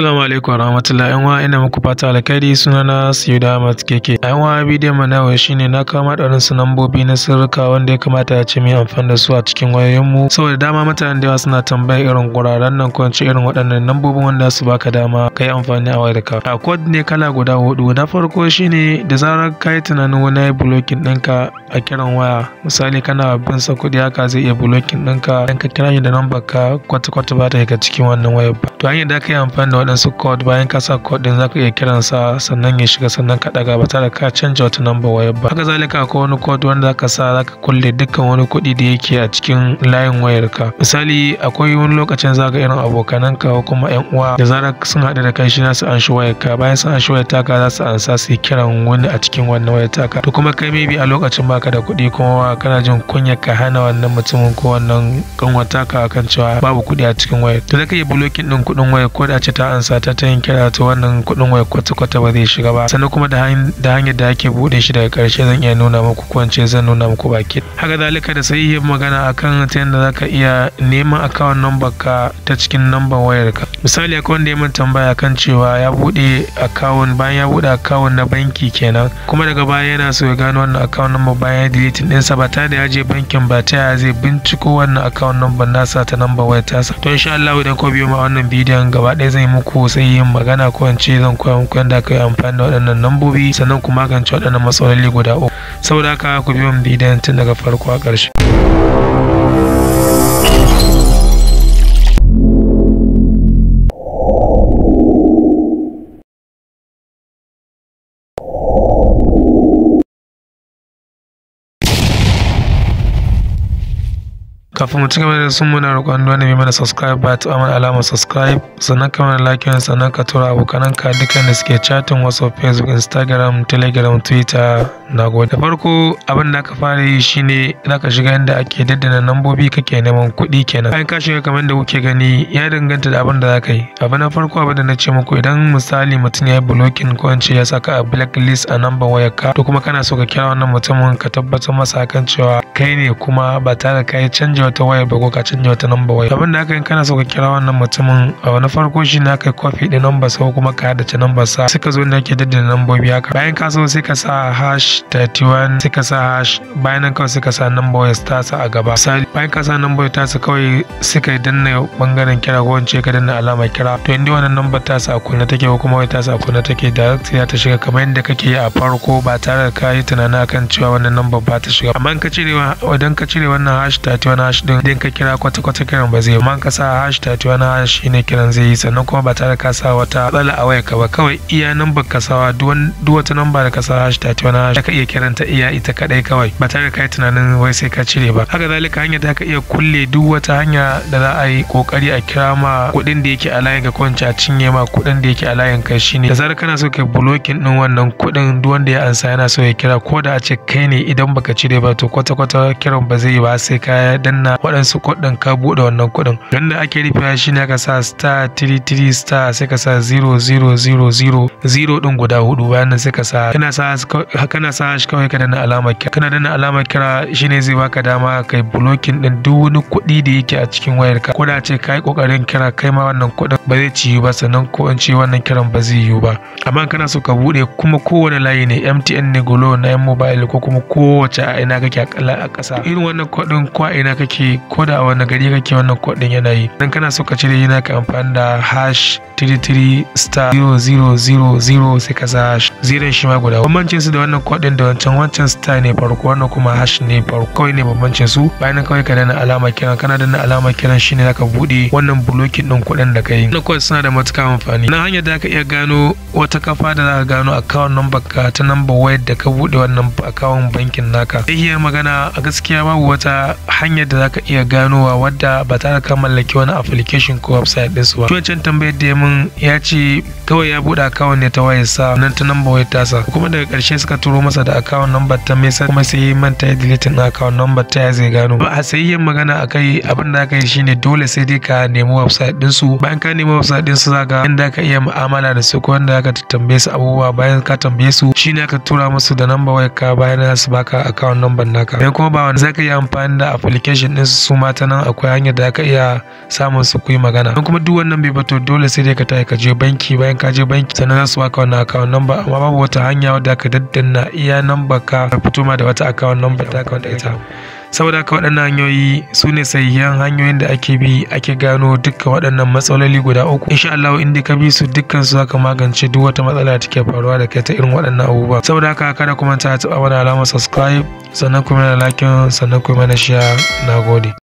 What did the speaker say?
Assalamu alaikum warahmatullahi yan uwa ina muku fata alkhairi na Siyuda Ahmad Keke. Yan uwa bidiyon mu na yau shine na kawo madarin su lambobi na sirrika wanda ya kamata ya ce mu amfani da su a cikin wayoyin mu saboda dama mutanen da yawa suna tambayar irin guraren nan ko irin waɗannan nambobin wanda su baka dama kai amfani a wayarka. A code ne kala guda hudu na farko shine da zarar ka yi tunanin wani ya blocking ɗinka a kiran waya misali kana bin sa kuɗi haka zai iya blocking ɗinka dan ka kira shi da number ka kwata-kwata ba ta cikin wannan wayar ba. To hanyar da ka yi amfani da waɗansu code bayan kasa sa code din zaka iya kiran sa sannan ya shiga sannan ka ɗaga ba tare ka canja wata number wayar ba haka zalika akwai wani code wanda zaka sa zaka kulle dukkan wani kuɗi da yake a cikin layin wayar ka misali akwai wani lokacin zaka irin abokanan ka ko kuma yan uwa da zarar sun haɗu da kai shi na su shi wayar ka bayan sun shi wayar taka za su ansa su kiran wani a cikin wannan wayar ka to kuma kai maybe a lokacin baka da kuɗi kuma kana jin kunya ka hana wannan mutumin ko wannan kanwata ka kan cewa babu kuɗi a cikin wayar to zaka iya blocking din kuɗin wayar ko da ce ta an ansa ta ta yin kira to wannan kuɗin waya kwata-kwata ba zai shiga ba sannan kuma da hanyar da ake bude shi daga karshe zan iya nuna muku kwance zan nuna muku baki haka zalika da sahihin magana akan ta yadda zaka iya neman akawun number ka ta cikin number wayar ka misali akwai wanda ya min tambaya kan cewa ya bude akawun bayan ya bude akawun na banki kenan kuma daga baya yana so ya gano wannan akawun number bayan ya deleting ɗinsa ba tare da ya je bankin ba ta yaya zai binciko wannan akawun number nasa ta number wayar tasa to insha Allah idan ko biyo ma wannan bidiyon gaba ɗaya zan yi muku sai yin magana ko in ce zan koya muku yadda aka yi amfani da waɗannan nambobi sannan ku magance waɗannan matsaloli guda uku saboda haka ku biyo mu bidiyon tun daga farko a ƙarshe. kafin mu cigaba da sun muna roƙon wanda mai mana subscribe ba ta mana alamar subscribe sannan kamar like yawan sannan ka tura abokananka dukkan da suke chatin wasu facebook instagram telegram twitter na gode da farko abin da aka fara yi shine za ka shiga inda ake daddana nambobi kake neman kuɗi kenan bayan ka shiga kamar da kuke gani ya danganta da abin da za ka yi abu na farko abin da na ce muku idan misali mutum ya yi blocking ko ce ya saka a blacklist a number wayar ka to kuma kana so ka kira wannan mutumin ka tabbatar masa kan cewa kai ne kuma ba tare da ka yi ta waya ba ko ka canja wata namba waya abinda da aka yi kana so ka kira wannan mutumin a wani farko shi na kai kofi da namba sa ko kuma ka haddace namba sa suka zo da ake daddada lambobi haka bayan ka so sai ka sa hash 31 sai ka sa hash bayan nan kawai sai ka sa namba waya ta sa a gaba misali bayan ka sa namba ta sa kawai ka danna bangaren kira ko wance ka danna alama kira to inda wannan namba ta sa a kunne take ko kuma waya ta sa a kunne take direct ya ta shiga kamar yadda kake yi a farko ba tare da ka yi tunani akan cewa wannan namba ba ta shiga amma in ka cire idan ka cire wannan hash 31 hash hash din din ka kira kwata-kwata kiran ba zai man ka sa hash wani hash shine kiran zai yi sannan kuma ba tare ka sa wata tsala a ka ba kawai iya nambar ka sawa duk wata namba da ka sa hash 31 hash ka iya kiranta iya ita kadai kawai ba tare ka yi tunanin wai sai ka cire ba haka zalika hanya da ka iya kulle duk wata hanya da za a yi kokari a kira ma kuɗin da yake a layin ka kwanci a cinye ma kuɗin da yake a layin ka shine da zarar kana so ka blokin din wannan kuɗin duk wanda ya ansa yana so ya kira ko da a ce kai ne idan baka cire ba to kwata-kwata kiran ba zai yi ba sai ka danna na waɗansu kuɗin ka buɗe wannan kuɗin wanda ake rufewa ne ka sa star 33 star sai ka sa zero zero zero zero zero ɗin guda hudu bayan nan sai ka sa kana sa kana sa shi kawai ka danna alamar kira kana danna alamar kira shi ne zai baka dama kai blocking ɗin duk wani kuɗi da yake a cikin wayar ka ko da ce ka yi kokarin kira kai ma wannan kuɗin ba zai yi ba sannan ko in ce wannan kiran ba zai yiwu ba amma kana so ka buɗe kuma kowane layi ne MTN ne Glo na mobile ko kuma kowace a ina kake a ƙasa irin wannan kuɗin ko a ina kake kake ko da a wani gari kake wannan kodin yanayi. yana yi kana so ka cire yana ka amfani da hash 33 star 0000 sai ka sa hash zirin shi ma guda bambancin su da wannan kodin da wancan wancan star ne farko wannan kuma hash ne farko kawai ne bambancin su bayan kawai ka danna alama kiran kana dana alama kiran shine zaka bude wannan blocking din kodin da kai wannan kodin suna da matuƙar amfani na hanyar da ka iya gano wata kafa da zaka gano account number ka ta number wayar da ka bude wannan account bankin naka sai magana a gaskiya babu wata hanyar da za ka iya ganowa wadda ba tare ka mallaki wani application ko website ɗinsu ba. Tuwancin tambayar da mun ya ce kawai ya buɗe account ne ta wayar sa nan ta namba wayar tasa kuma daga ƙarshe suka turo masa da account number ta mesa kuma sai ya manta ya deleting account number ta ya zai gano. Ba a sai yin magana akai abin da aka yi shine dole sai dai ka nemi website ɗinsu bayan ka nemi website ɗinsu za ka inda ka iya mu'amala da su ko wanda ka tambaye su abubuwa bayan ka tambaye su shine aka tura musu da namba wayar ka bayan su baka account number naka. Idan kuma ba wani za ka yi amfani da application link ɗin su mata nan akwai hanyar da aka iya samun su kuyi magana don kuma duk wannan bai bato dole sai dai ka tafi ka je banki bayan ka je banki sannan za su baka wannan account number amma babu wata hanya wadda ka daddanna iya number ka fito ma da wata account number ta wanda ita saboda haka waɗannan hanyoyi su ne sahihan hanyoyin da ake bi ake gano duka waɗannan matsaloli guda uku insha Allah in ka bi su dukkan su zaka magance duk wata matsala da take faruwa da kai ta irin waɗannan abubuwa saboda haka kada kuma manta a taɓa mana alamar subscribe sannan ku mana like sannan ku mana share nagode